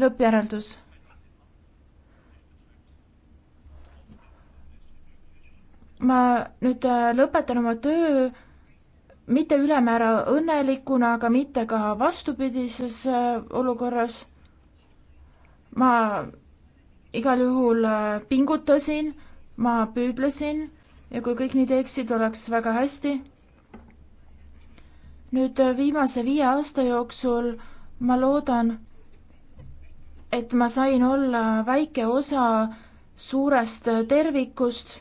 [SPEAKER 6] lõppjäreldus ma nüüd äh, lõpetan oma töö mitte ülemäära õnnelikuna, aga mitte ka vastupidises äh, olukorras. ma igal juhul äh, pingutasin, ma püüdlesin ja kui kõik nii teeksid, oleks väga hästi. nüüd äh, viimase viie aasta jooksul ma loodan, et ma sain olla väike osa suurest tervikust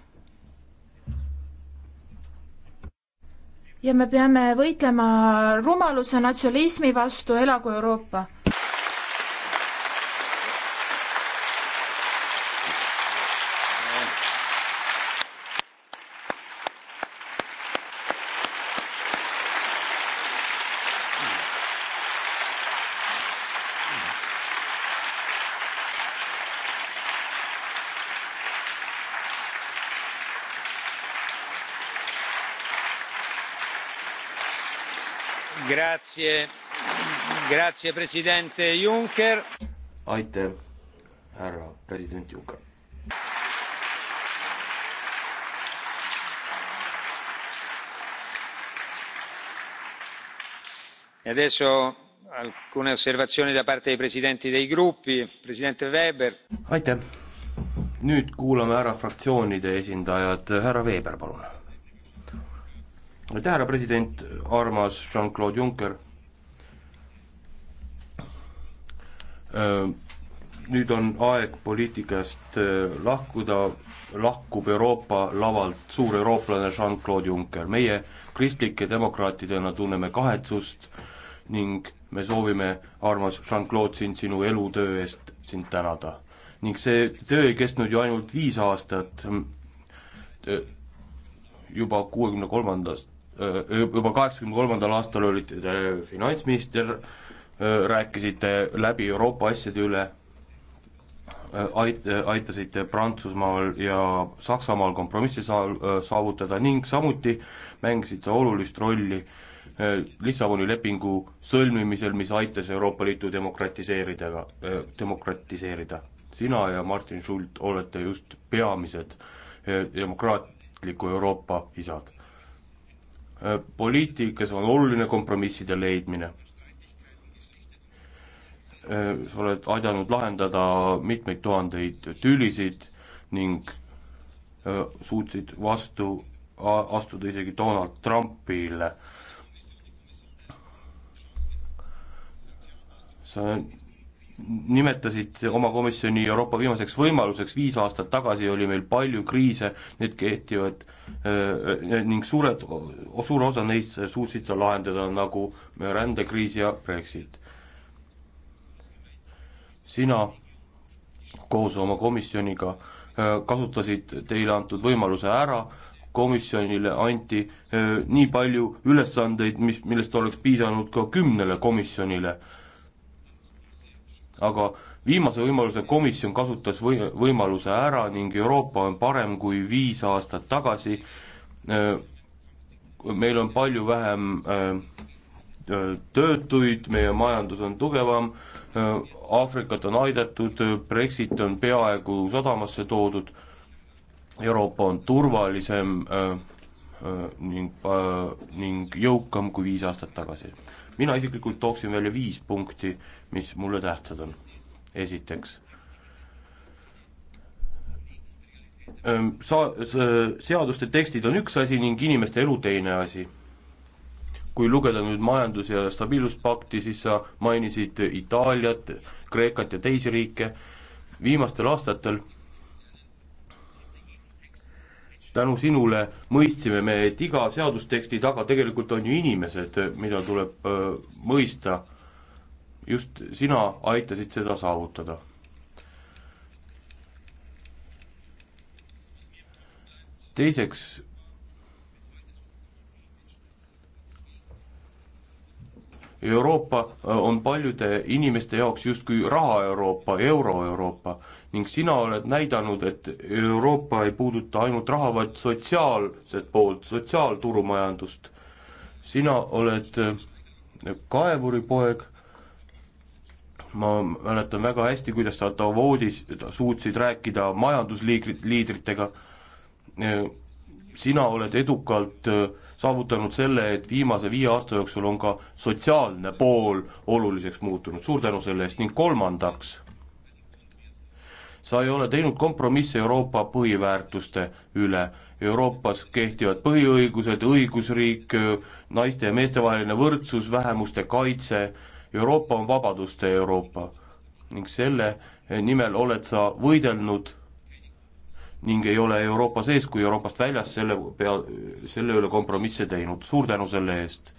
[SPEAKER 6] ja me peame võitlema rumaluse natsionalismi vastu, elagu Euroopa!
[SPEAKER 4] Grazie, grazie president Juncker.
[SPEAKER 2] aitäh, härra president Juncker.
[SPEAKER 4] E adesso alcune osservazioni da parte dei presidenti dei gruppi. Presidente Weber.
[SPEAKER 2] aitäh. nüüd kuulame ära fraktsioonide esindajad. härra Weber, palun aitäh, härra president, armas Jean-Claude Juncker. Äh, nüüd on aeg poliitikast äh, lahkuda, lahkub Euroopa lavalt suur eurooplane Jean-Claude Juncker. meie kristlike demokraatidena tunneme kahetsust ning me soovime, armas Jean-Claude, sind sinu elutöö eest sind tänada. ning see töö ei kestnud ju ainult viis aastat, juba kuuekümne kolmandast juba kaheksakümne kolmandal aastal olite te finantsminister, rääkisite läbi Euroopa asjade üle, ait-, aitasite Prantsusmaal ja Saksamaal kompromissi saa-, saavutada ning samuti mängisid sa olulist rolli Lissaboni lepingu sõlmimisel, mis aitas Euroopa Liitu demokratiseerida, demokratiseerida. sina ja Martin Schult olete just peamised demokraatliku Euroopa isad Äh, poliitikas on oluline kompromisside leidmine. Äh, sa oled aidanud lahendada mitmeid tuhandeid tülisid ning äh, suutsid vastu astuda isegi Donald Trumpile. sa nimetasid oma komisjoni Euroopa viimaseks võimaluseks, viis aastat tagasi oli meil palju kriise, need kehtivad ning suured, suur osa neist suutsid sa lahendada, nagu rändekriis ja Brexit. sina koos oma komisjoniga kasutasid teile antud võimaluse ära, komisjonile anti öö, nii palju ülesandeid, mis, millest oleks piisanud ka kümnele komisjonile, aga viimase võimaluse komisjon kasutas või-, võimaluse ära ning Euroopa on parem kui viis aastat tagasi, äh, meil on palju vähem äh, äh, töötuid, meie majandus on tugevam, Aafrikat on aidatud, Brexit on peaaegu sadamasse toodud, Euroopa on turvalisem ning, ning jõukam kui viis aastat tagasi mina isiklikult tooksin välja viis punkti, mis mulle tähtsad on. esiteks, sa-, seaduste tekstid on üks asi ning inimeste elu teine asi. kui lugeda nüüd majandus- ja stabiilsuspakti, siis sa mainisid Itaaliat, Kreekat ja teisi riike, viimastel aastatel tänu sinule mõistsime me, et iga seadusteksti taga tegelikult on ju inimesed, mida tuleb öö, äh, mõista. just sina aitasid seda saavutada. teiseks Euroopa äh, on paljude inimeste jaoks justkui raha Euroopa, euro Euroopa ning sina oled näidanud, et Euroopa ei puuduta ainult raha, vaid sotsiaalset poolt, sotsiaalturumajandust. sina oled äh, kaevuripoeg, ma mäletan väga hästi, kuidas sa Davoodis suutsid rääkida majandusliidritega, äh, sina oled edukalt äh, saavutanud selle, et viimase viie aasta jooksul on ka sotsiaalne pool oluliseks muutunud, suur tänu selle eest, ning kolmandaks, sa ei ole teinud kompromisse Euroopa põhiväärtuste üle. Euroopas kehtivad põhiõigused, õigusriik, naiste ja meeste vaheline võrdsus, vähemuste kaitse, Euroopa on vabaduste Euroopa ning selle nimel oled sa võidelnud ning ei ole Euroopa sees kui Euroopast väljas selle pea, selle üle kompromisse teinud, suur tänu selle eest.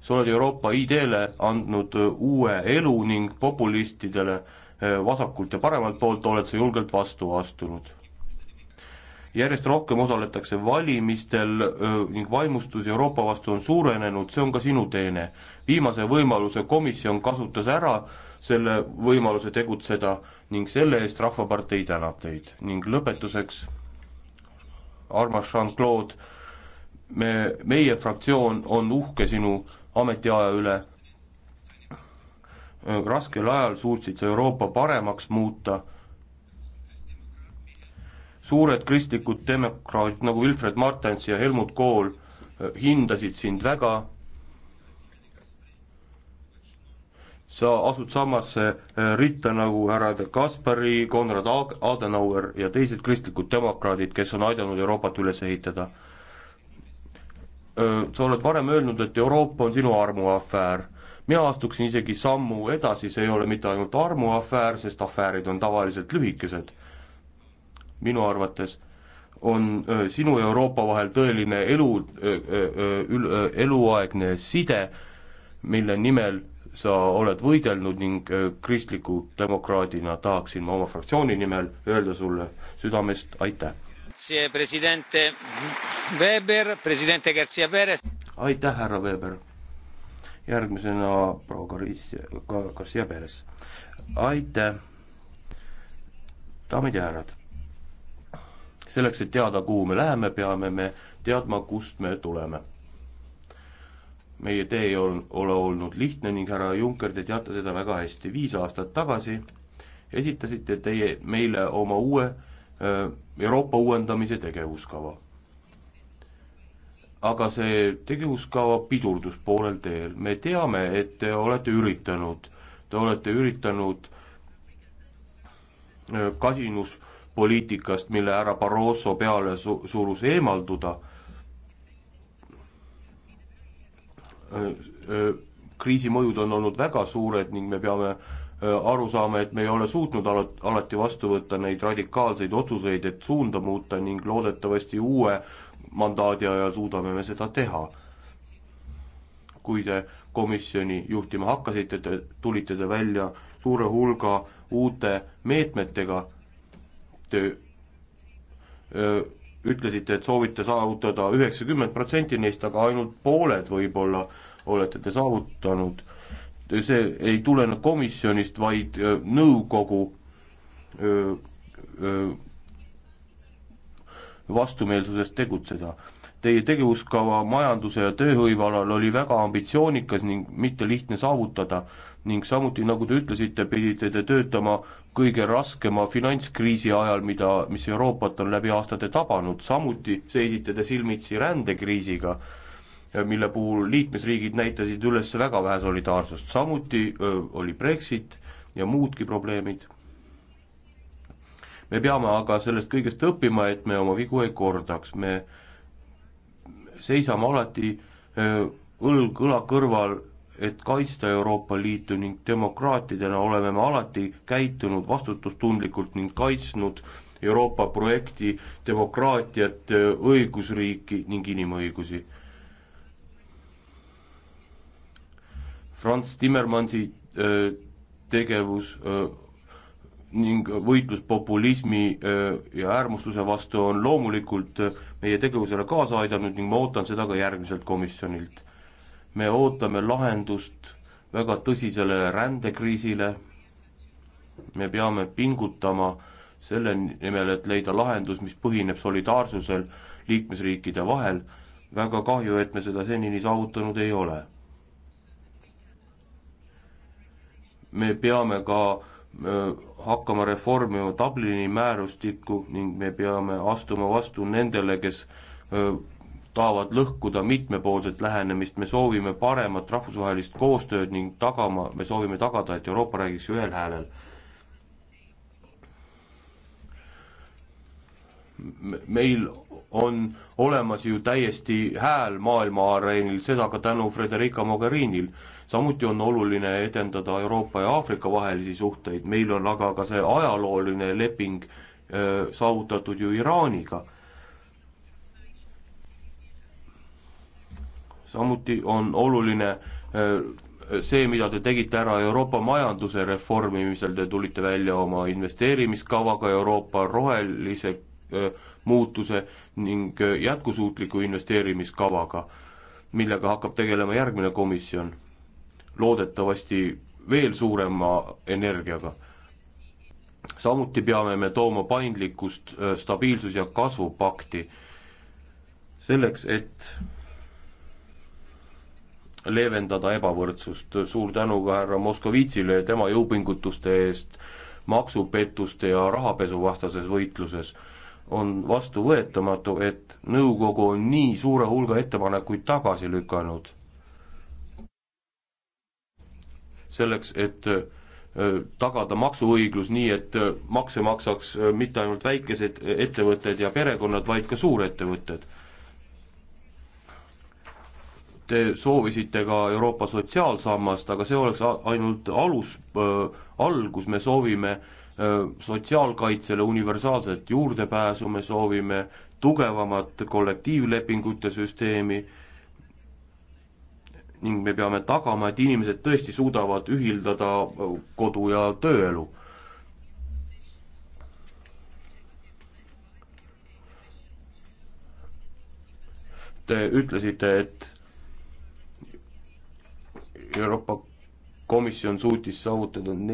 [SPEAKER 2] sa oled Euroopa ideele andnud äh, uue elu ning populistidele äh, vasakult ja paremalt poolt oled sa julgelt vastu astunud. järjest rohkem osaletakse valimistel äh, ning vaimustus Euroopa vastu on suurenenud, see on ka sinu teene. viimase võimaluse komisjon kasutas ära, selle võimaluse tegutseda ning selle eest Rahvapartei tänab teid ning lõpetuseks, armas Jean-Claude, me, meie fraktsioon on uhke sinu ametiaja üle. raskel ajal suutsid sa Euroopa paremaks muuta. suured kristlikud demokraadid nagu Wilfred Martens ja Helmut Kohl hindasid sind väga sa asud samasse äh, ritta nagu härrad Kaspari, Konrad Adenauer ja teised kristlikud demokraadid, kes on aidanud Euroopat üles ehitada. Äh, sa oled varem öelnud, et Euroopa on sinu armuafäär. mina astuksin isegi sammu edasi, see ei ole mitte ainult armuafäär, sest afäärid on tavaliselt lühikesed. minu arvates on äh, sinu ja Euroopa vahel tõeline elu, eluaegne side, mille nimel sa oled võidelnud ning äh, kristliku demokraadina tahaksin ma oma fraktsiooni nimel öelda sulle südamest aitäh. aitäh, härra Weber. järgmisena proua Garcia, Garcia Perez. aitäh. daamid ja härrad. selleks, et teada, kuhu me läheme, peame me teadma, kust me tuleme meie tee ei ole olnud lihtne ning härra Juncker, te teate seda väga hästi, viis aastat tagasi esitasite teie meile oma uue äh, Euroopa uuendamise tegevuskava. aga see tegevuskava pidurdus poolel teel, me teame, et te olete üritanud, te olete üritanud äh, kasinuspoliitikast, mille härra Barroso peale su-, surus, eemalduda Äh, äh, kriisi mõjud on olnud väga suured ning me peame äh, aru saama, et me ei ole suutnud ala-, alati vastu võtta neid radikaalseid otsuseid, et suunda muuta ning loodetavasti uue mandaadi ajal suudame me seda teha. kui te komisjoni juhtima hakkasite, te tulite te välja suure hulga uute meetmetega, te öö, ütlesite, et soovite saavutada üheksakümmend protsenti neist, aga ainult pooled võib-olla olete te saavutanud. see ei tulene komisjonist, vaid nõukogu öö, öö, vastumeelsusest tegutseda Teie tegevuskava majanduse ja tööhõive alal oli väga ambitsioonikas ning mitte lihtne saavutada ning samuti, nagu te ütlesite, pidite te töötama kõige raskema finantskriisi ajal, mida, mis Euroopat on läbi aastate tabanud, samuti seisite te silmitsi rändekriisiga, mille puhul liikmesriigid näitasid üles väga vähe solidaarsust, samuti öö, oli Brexit ja muudki probleemid. me peame aga sellest kõigest õppima, et me oma vigu ei kordaks, me öö, seisame alati õlg õla kõrval, et kaitsta Euroopa Liitu ning demokraatidena oleme me alati käitunud vastutustundlikult ning kaitsnud Euroopa projekti demokraatiat, õigusriiki ning inimõigusi. Franz Timmermansi tegevus ning võitlus populismi äh, ja äärmusluse vastu on loomulikult äh, meie tegevusele kaasa aidanud ning ma ootan seda ka järgmiselt komisjonilt. me ootame lahendust väga tõsisele rändekriisile, me peame pingutama selle nimel, et leida lahendus, mis põhineb solidaarsusel liikmesriikide vahel, väga kahju, et me seda senini saavutanud ei ole. me peame ka öö, äh, hakkama reformima Dublini määrustikku ning me peame astuma vastu nendele, kes tahavad lõhkuda mitmepoolset lähenemist, me soovime paremat rahvusvahelist koostööd ning tagama, me soovime tagada, et Euroopa räägiks ühel häälel meil on olemas ju täiesti hääl maailma areenil, seda ka tänu Frederica Mogherinil. samuti on oluline edendada Euroopa ja Aafrika vahelisi suhteid, meil on aga ka see ajalooline leping öö, saavutatud ju Iraaniga. samuti on oluline öö, see, mida te tegite ära Euroopa majanduse reformimisel, te tulite välja oma investeerimiskavaga Euroopa rohelise muutuse ning jätkusuutliku investeerimiskavaga, millega hakkab tegelema järgmine komisjon, loodetavasti veel suurema energiaga. samuti peame me tooma paindlikkust stabiilsus- ja kasvupakti, selleks et leevendada ebavõrdsust. suur tänu ka härra Moskovitšile tema jõupingutuste eest maksupettuste ja rahapesuvastases võitluses on vastuvõetamatu, et nõukogu on nii suure hulga ettepanekuid tagasi lükanud. selleks, et äh, tagada maksuõiglus nii, et äh, makse maksaks äh, mitte ainult väikesed ettevõtted ja perekonnad, vaid ka suurettevõtted. Te soovisite ka Euroopa sotsiaalsammast, aga see oleks ainult alus, algus, me soovime äh, Äh, sotsiaalkaitsele universaalset juurdepääsu, me soovime tugevamat kollektiivlepingute süsteemi ning me peame tagama, et inimesed tõesti suudavad ühildada äh, kodu- ja tööelu. Te ütlesite, et Euroopa Komisjon suutis saavutada neli